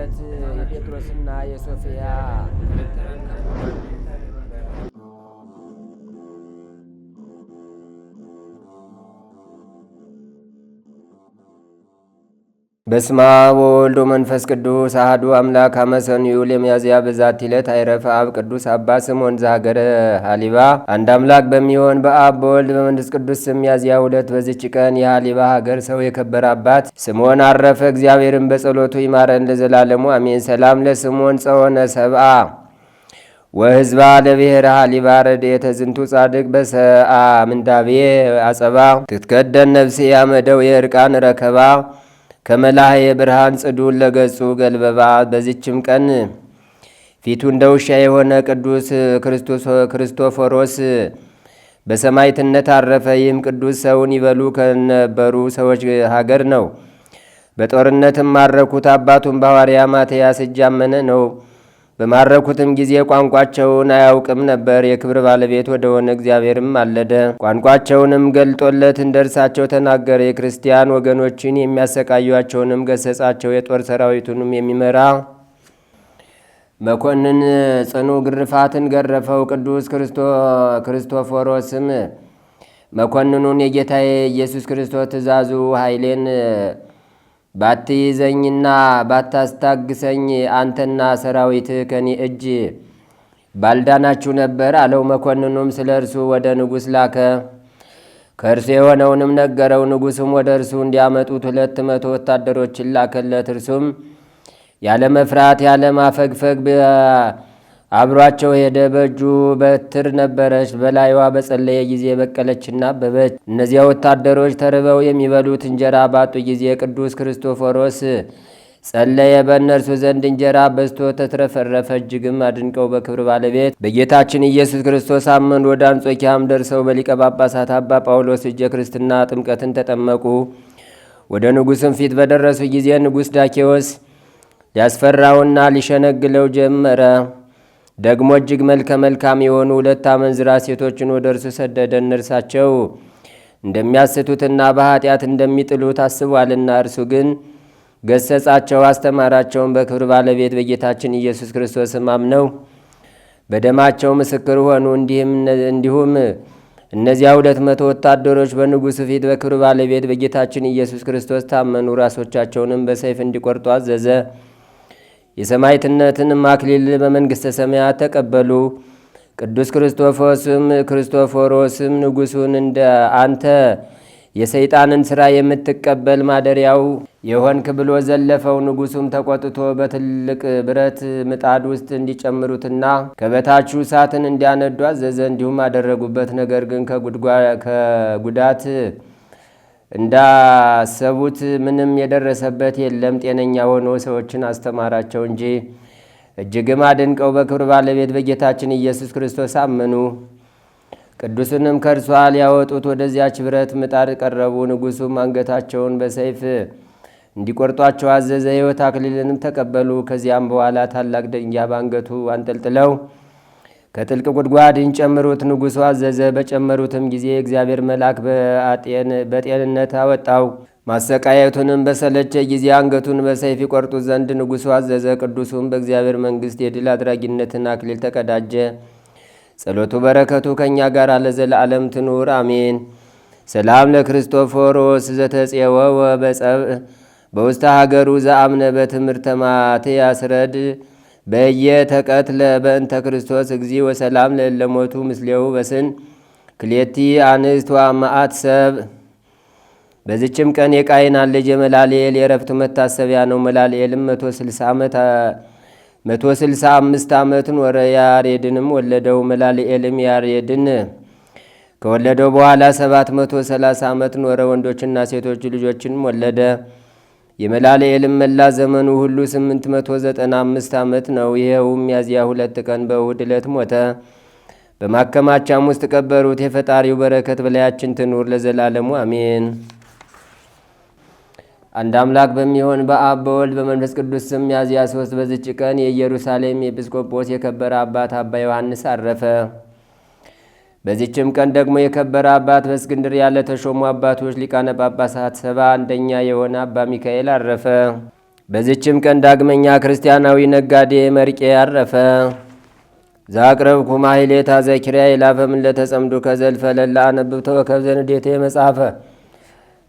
ዕለት የጴጥሮስና የሶፊያ በስማ ወወልድ መንፈስ ቅዱስ አህዱ አምላክ አመሰን ዩል የሚያዝያ ይለት አይረፈ አብ ቅዱስ አባ ስምዖን ዘሀገረ ሀሊባ። አንድ አምላክ በሚሆን በአብ በወልድ በመንፈስ ቅዱስ ስም ሚያዝያ ሁለት በዚች ቀን የሀሊባ ሀገር ሰው የከበረ አባት ስምዖን አረፈ። እግዚአብሔርን በጸሎቱ ይማረን ለዘላለሙ አሜን። ሰላም ለስምዖን ጸሆነ ሰብአ ወህዝባ ለብሔረ ሀሊባ ረድኤተ ዝንቱ ጻድቅ በሰአ ምንዳቤ አጸባ ትትከደን ነፍሴ ያመደው የእርቃን ረከባ ከመላህ የብርሃን ጽዱን ለገጹ ገልበባ በዚችም ቀን ፊቱ እንደ ውሻ የሆነ ቅዱስ ክርስቶፎሮስ በሰማይትነት አረፈ። ይህም ቅዱስ ሰውን ይበሉ ከነበሩ ሰዎች ሀገር ነው። በጦርነትም ማረኩት። አባቱን ባዋርያ ማትያስ እጅ አመነ ነው። በማረኩትም ጊዜ ቋንቋቸውን አያውቅም ነበር። የክብር ባለቤት ወደሆነ እግዚአብሔርም አለደ። ቋንቋቸውንም ገልጦለት እንደ እርሳቸው ተናገረ። የክርስቲያን ወገኖችን የሚያሰቃዩቸውንም ገሰጻቸው። የጦር ሰራዊቱንም የሚመራ መኮንን ጽኑ ግርፋትን ገረፈው። ቅዱስ ክርስቶፎሮስም መኮንኑን የጌታዬ ኢየሱስ ክርስቶስ ትእዛዙ ኃይሌን ባትይዘኝና ባታስታግሰኝ አንተና ሰራዊት ከኔ እጅ ባልዳናችሁ ነበር አለው። መኮንኑም ስለ እርሱ ወደ ንጉሥ ላከ፣ ከእርሱ የሆነውንም ነገረው። ንጉሥም ወደ እርሱ እንዲያመጡት ሁለት መቶ ወታደሮችን ላከለት። እርሱም ያለ መፍራት ያለ ማፈግፈግ አብሯቸው ሄደ። በእጁ በትር ነበረች። በላይዋ በጸለየ ጊዜ በቀለችና አበበች። እነዚያ ወታደሮች ተርበው የሚበሉት እንጀራ ባጡ ጊዜ ቅዱስ ክርስቶፎሮስ ጸለየ። በእነርሱ ዘንድ እንጀራ በዝቶ ተትረፈረፈ። እጅግም አድንቀው በክብር ባለቤት በጌታችን ኢየሱስ ክርስቶስ አመን ወደ አንጾኪያም ደርሰው በሊቀ ጳጳሳት አባ ጳውሎስ እጀ ክርስትና ጥምቀትን ተጠመቁ። ወደ ንጉሥም ፊት በደረሱ ጊዜ ንጉሥ ዳኬዎስ ሊያስፈራውና ሊሸነግለው ጀመረ። ደግሞ እጅግ መልከ መልካም የሆኑ ሁለት አመንዝራ ሴቶችን ወደ እርሱ ሰደደ። እነርሳቸው እንደሚያስቱትና በኃጢአት እንደሚጥሉት አስቧልና እርሱ ግን ገሰጻቸው፣ አስተማራቸውን። በክብር ባለቤት በጌታችን ኢየሱስ ክርስቶስም አምነው በደማቸው ምስክር ሆኑ። እንዲሁም እነዚያ ሁለት መቶ ወታደሮች በንጉሥ ፊት በክብር ባለቤት በጌታችን ኢየሱስ ክርስቶስ ታመኑ። ራሶቻቸውንም በሰይፍ እንዲቆርጡ አዘዘ። የሰማይትነትን አክሊል በመንግሥተ ሰማያት ተቀበሉ። ቅዱስ ክርስቶፎስም ክርስቶፎሮስም ንጉሡን እንደ አንተ የሰይጣንን ሥራ የምትቀበል ማደሪያው የሆንክ ብሎ ዘለፈው። ንጉሡም ተቆጥቶ በትልቅ ብረት ምጣድ ውስጥ እንዲጨምሩትና ከበታቹ እሳትን እንዲያነዱ አዘዘ። እንዲሁም አደረጉበት። ነገር ግን ከጉዳት እንዳሰቡት ምንም የደረሰበት የለም። ጤነኛ ሆኖ ሰዎችን አስተማራቸው እንጂ እጅግም አድንቀው በክብር ባለቤት በጌታችን ኢየሱስ ክርስቶስ አመኑ። ቅዱስንም ከእርሷ ሊያወጡት ወደዚያች ብረት ምጣድ ቀረቡ። ንጉሱም አንገታቸውን በሰይፍ እንዲቆርጧቸው አዘዘ። ሕይወት አክሊልንም ተቀበሉ። ከዚያም በኋላ ታላቅ ድንጋይ በአንገቱ አንጠልጥለው ከጥልቅ ጉድጓድ እንጨምሩት ንጉሡ አዘዘ። በጨመሩትም ጊዜ እግዚአብሔር መልአክ በጤንነት አወጣው። ማሰቃየቱንም በሰለቸ ጊዜ አንገቱን በሰይፍ ይቆርጡ ዘንድ ንጉሡ አዘዘ። ቅዱሱም በእግዚአብሔር መንግሥት የድል አድራጊነትን አክሊል ተቀዳጀ። ጸሎቱ በረከቱ ከእኛ ጋር ለዘለዓለም ትኑር አሜን። ሰላም ለክርስቶፎሮስ ዘተጼወወ በውስተ ሀገሩ ዘአምነ በትምህርተ ማቴ ያስረድ በየተቀትለ በእንተ ክርስቶስ እግዚ ወሰላም ለለሞቱ ምስሌው በስን ክሌቲ አንስት ዋማአት ሰብ በዚችም ቀን የቃይና ልጅ መላልኤል የረፍቱ መታሰቢያ ነው። መላልኤልም መቶ ስልሳ አምስት ዓመትን ወረ ያሬድንም ወለደው። መላልኤልም ያሬድን ከወለደው በኋላ ሰባት መቶ ሰላሳ ዓመትን ወረ ወንዶችና ሴቶች ልጆችንም ወለደ። የመላልኤልም መላ ዘመኑ ሁሉ 895 ዓመት ነው። ይኸውም ያዚያ ሁለት ቀን በእሁድ ዕለት ሞተ። በማከማቻም ውስጥ ቀበሩት። የፈጣሪው በረከት በላያችን ትኑር ለዘላለሙ አሜን። አንድ አምላክ በሚሆን በአብ በወልድ በመንፈስ ቅዱስ ስም ሚያዝያ ሶስት በዝች ቀን የኢየሩሳሌም ኤጲስቆጶስ የከበረ አባት አባ ዮሐንስ አረፈ። በዚችም ቀን ደግሞ የከበረ አባት በእስክንድር ያለ ተሾሙ አባቶች ሊቃነ ጳጳሳት ሰባ አንደኛ የሆነ አባ ሚካኤል አረፈ። በዚችም ቀን ዳግመኛ ክርስቲያናዊ ነጋዴ መርቄ አረፈ። ዛቅረብ ኩማ ታዘኪሪያ ዘኪርያ የላፈምን ለተጸምዱ ከዘልፈ ለላ አነብብተ ወከብዘን ዴቴ መጽሐፈ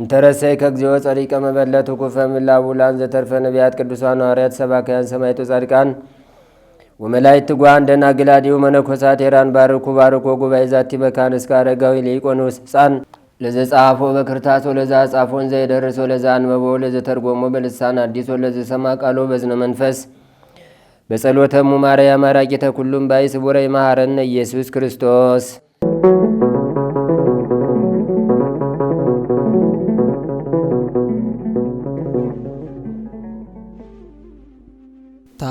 እንተረሰይ ከእግዚኦ ጸሪቀ መበለት ኩፈ ምላቡላን ዘተርፈ ነቢያት ቅዱሳን ሐዋርያት ሰባካያን ሰማይቶ ጻድቃን ወመላይት ጓን ደናግላዲው መነኮሳት ቴራን ባርኩ ባርኮ ጉባኤ ዛቲ በካን እስከ አረጋዊ ሊቆኖስ ሕፃን ለዘ ጻፎ በክርታስ ወለዛ ጻፎን ዘይደርስ ወለዛ አንበቦ ለዘ ተርጎሞ በልሳን አዲስ ወለዘ ሰማ ቃሎ በዝነ መንፈስ በጸሎተሙ ማርያም አራቂተ ኩሉም ባይ ስቡረ ይመሃረነ ኢየሱስ ክርስቶስ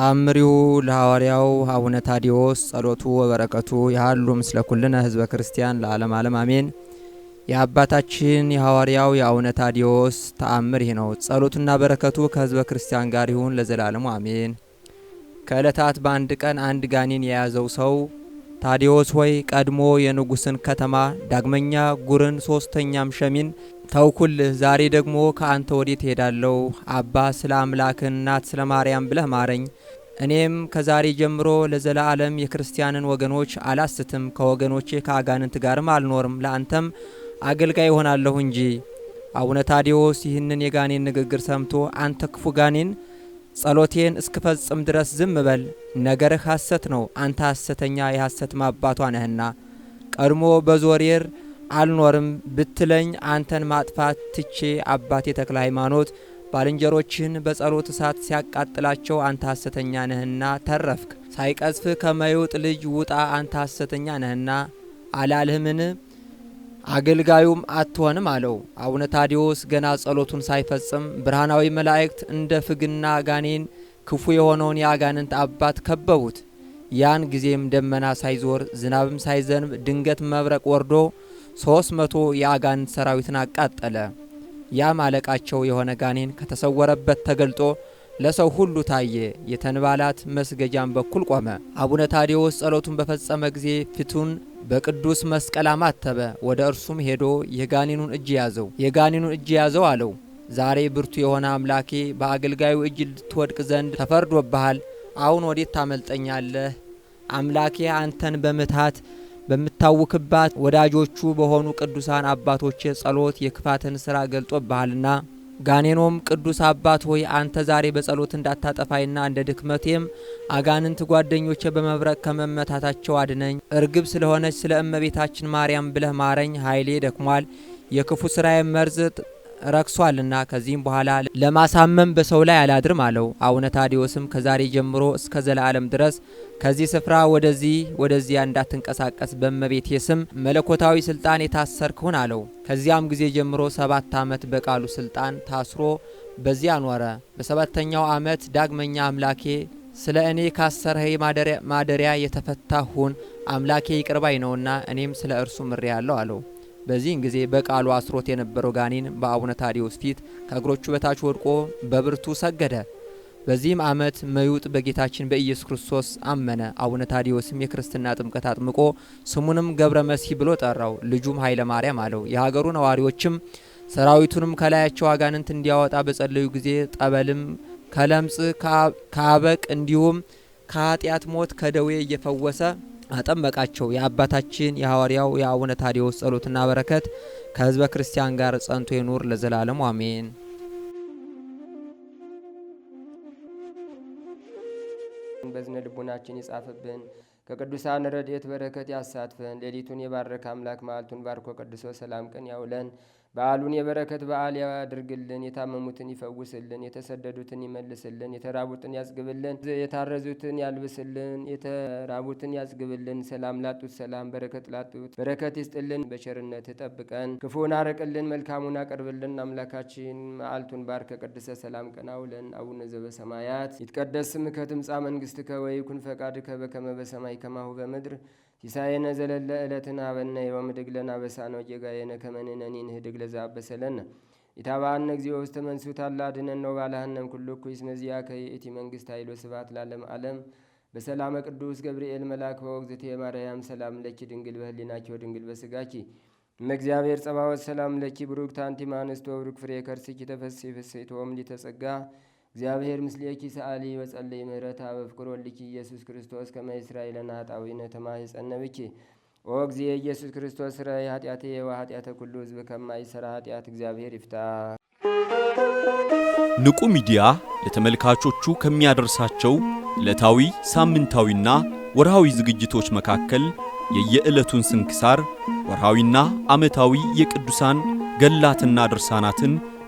ተአምሪው ለሐዋርያው አቡነ ታዲዎስ ጸሎቱ ወበረከቱ ያህሉ ምስለ ኩልነ ህዝበ ክርስቲያን ለዓለም ዓለም አሜን። የአባታችን የሐዋርያው የአቡነ ታዲዎስ ተአምር ይህ ነው። ጸሎቱና በረከቱ ከህዝበ ክርስቲያን ጋር ይሁን ለዘላለሙ አሜን። ከዕለታት በአንድ ቀን አንድ ጋኔን የያዘው ሰው ታዲዎስ ሆይ ቀድሞ የንጉሥን ከተማ ዳግመኛ ጉርን ሶስተኛም ሸሚን ተውኩልህ። ዛሬ ደግሞ ከአንተ ወዴት ትሄዳለሁ አባ ስለ አምላክህ እናት ስለ ማርያም ብለህ ማረኝ። እኔም ከዛሬ ጀምሮ ለዘላለም የክርስቲያንን ወገኖች አላስትም፣ ከወገኖቼ ከአጋንንት ጋርም አልኖርም፣ ለአንተም አገልጋይ ይሆናለሁ እንጂ። አቡነ ታዲዎስ ይህንን የጋኔን ንግግር ሰምቶ አንተ ክፉ ጋኔን ጸሎቴን እስክፈጽም ድረስ ዝም በል፣ ነገርህ ሐሰት ነው፣ አንተ ሐሰተኛ የሐሰት ማባቷ ነህና ቀድሞ በዞሬር አልኖርም ብትለኝ አንተን ማጥፋት ትቼ አባቴ ተክለ ሃይማኖት ባልንጀሮችህን በጸሎት እሳት ሲያቃጥላቸው አንተ ሐሰተኛ ነህና ተረፍክ። ሳይቀዝፍ ከመይውጥ ልጅ ውጣ አንተ ሐሰተኛ ነህና አላልህምን? አገልጋዩም አትሆንም አለው። አቡነ ታዲዎስ ገና ጸሎቱን ሳይፈጽም ብርሃናዊ መላእክት እንደ ፍግና ጋኔን ክፉ የሆነውን የአጋንንት አባት ከበቡት። ያን ጊዜም ደመና ሳይዞር ዝናብም ሳይዘንብ ድንገት መብረቅ ወርዶ ሶስት መቶ የአጋንንት ሰራዊትን አቃጠለ። ያም አለቃቸው የሆነ ጋኔን ከተሰወረበት ተገልጦ ለሰው ሁሉ ታየ። የተንባላት መስገጃን በኩል ቆመ። አቡነ ታዲዎስ ጸሎቱን በፈጸመ ጊዜ ፊቱን በቅዱስ መስቀል አማተበ። ወደ እርሱም ሄዶ የጋኔኑን እጅ ያዘው፣ የጋኔኑን እጅ ያዘው አለው። ዛሬ ብርቱ የሆነ አምላኬ በአገልጋዩ እጅ ልትወድቅ ዘንድ ተፈርዶብሃል። አሁን ወዴት ታመልጠኛለህ? አምላኬ አንተን በምትሃት በምታውክባት ወዳጆቹ በሆኑ ቅዱሳን አባቶች ጸሎት የክፋትን ሥራ ገልጦብሃልና ጋኔኖም ቅዱስ አባት ሆይ አንተ ዛሬ በጸሎት እንዳታጠፋይና እንደ ድክመቴም አጋንንት ጓደኞቼ በመብረቅ ከመመታታቸው አድነኝ። እርግብ ስለሆነች ስለ እመቤታችን ማርያም ብለህ ማረኝ። ኃይሌ ደክሟል፣ የክፉ ስራዬ መርዝ ረክሷልና ከዚህም በኋላ ለማሳመም በሰው ላይ አላድርም አለው። አቡነ ታዲዮስም ከዛሬ ጀምሮ እስከ ዘላለም ድረስ ከዚህ ስፍራ ወደዚህ ወደዚያ እንዳትንቀሳቀስ በእመቤቴ ስም መለኮታዊ ስልጣን የታሰርክሁን አለው። ከዚያም ጊዜ ጀምሮ ሰባት ዓመት በቃሉ ስልጣን ታስሮ በዚያ ኖረ። በሰባተኛው ዓመት ዳግመኛ አምላኬ ስለ እኔ ካሰርኸኝ ማደሪያ የተፈታሁን አምላኬ ይቅርባይ ነውና እኔም ስለ እርሱ ምሬ ያለው አለው። በዚህን ጊዜ በቃሉ አስሮት የነበረው ጋኔን በአቡነ ታዲዎስ ፊት ከእግሮቹ በታች ወድቆ በብርቱ ሰገደ። በዚህም ዓመት መዩጥ በጌታችን በኢየሱስ ክርስቶስ አመነ። አቡነ ታዲዎስም የክርስትና ጥምቀት አጥምቆ ስሙንም ገብረ መሲህ ብሎ ጠራው። ልጁም ኃይለ ማርያም አለው። የሀገሩ ነዋሪዎችም ሰራዊቱንም ከላያቸው አጋንንት እንዲያወጣ በጸለዩ ጊዜ ጠበልም ከለምጽ ከአበቅ እንዲሁም ከኃጢአት ሞት ከደዌ እየፈወሰ አጠመቃቸው። የአባታችን የሐዋርያው የአቡነ ታዲዎስ ጸሎትና በረከት ከህዝበ ክርስቲያን ጋር ጸንቶ ይኑር ለዘላለሙ አሜን። በዝነ ልቡናችን ይጻፍብን፣ ከቅዱሳን ረድኤት በረከት ያሳትፈን። ሌሊቱን የባረከ አምላክ መዓልቱን ባርኮ ቀድሶ ሰላም ቀን ያውለን። በዓሉን የበረከት በዓል ያድርግልን። የታመሙትን ይፈውስልን። የተሰደዱትን ይመልስልን። የተራቡትን ያጽግብልን። የታረዙትን ያልብስልን። የተራቡትን ያጽግብልን። ሰላም ላጡት ሰላም፣ በረከት ላጡት በረከት ይስጥልን። በቸርነት ጠብቀን፣ ክፉን አርቅልን፣ መልካሙን አቅርብልን። አምላካችን መዓልቱን ባር ቅድሰ ሰላም ቀን አውለን። አቡነ ዘበሰማያት ይትቀደስ ስምከ ትምጻእ ከወይ ወይኩን ፈቃድከ በከመ በሰማይ ከማሁ በምድር ሲሳየነ ዘለለ ዕለትን አበነ ድግለና በሳነ ወጌጋየነ ከመንነኒ ንህድግ ለዛ በሰለነ ኢታባአነ እግዚኦ ውስተ መንሱት ታላድነን ነው ባላህነም ኩሉ ኩይ እስመዚያ ከይእቲ መንግስት ኃይሎ ስባት ላለም አለም በሰላመ ቅዱስ ገብርኤል መላክ በወግዝቴ የማርያም ሰላም ለኪ ድንግል በህሊናቸው ድንግል በስጋኪ እመእግዚአብሔር ጸባወት ሰላም ለኪ ብሩክ አንቲ እምአንስቶ ብሩክ ፍሬ ከርስኪ ተፈሥሒ ፍሥሕት ሊተጸጋ እግዚአብሔር ምስሌኪ ሰአሊ በጸለይ ምህረታ በፍቅር ወልኪ ኢየሱስ ክርስቶስ ከመ እስራኤልና ኃጣዊ ነተማ የጸነብኪ ኦ እግዜ ኢየሱስ ክርስቶስ ስረ የዋ ወኃጢአተ ኩሉ ህዝብ ከማይሰራ ኃጢአት እግዚአብሔር ይፍታ። ንቁ ሚዲያ ለተመልካቾቹ ከሚያደርሳቸው ዕለታዊ ሳምንታዊና ወርሃዊ ዝግጅቶች መካከል የየዕለቱን ስንክሳር ወርሃዊና ዓመታዊ የቅዱሳን ገላትና ድርሳናትን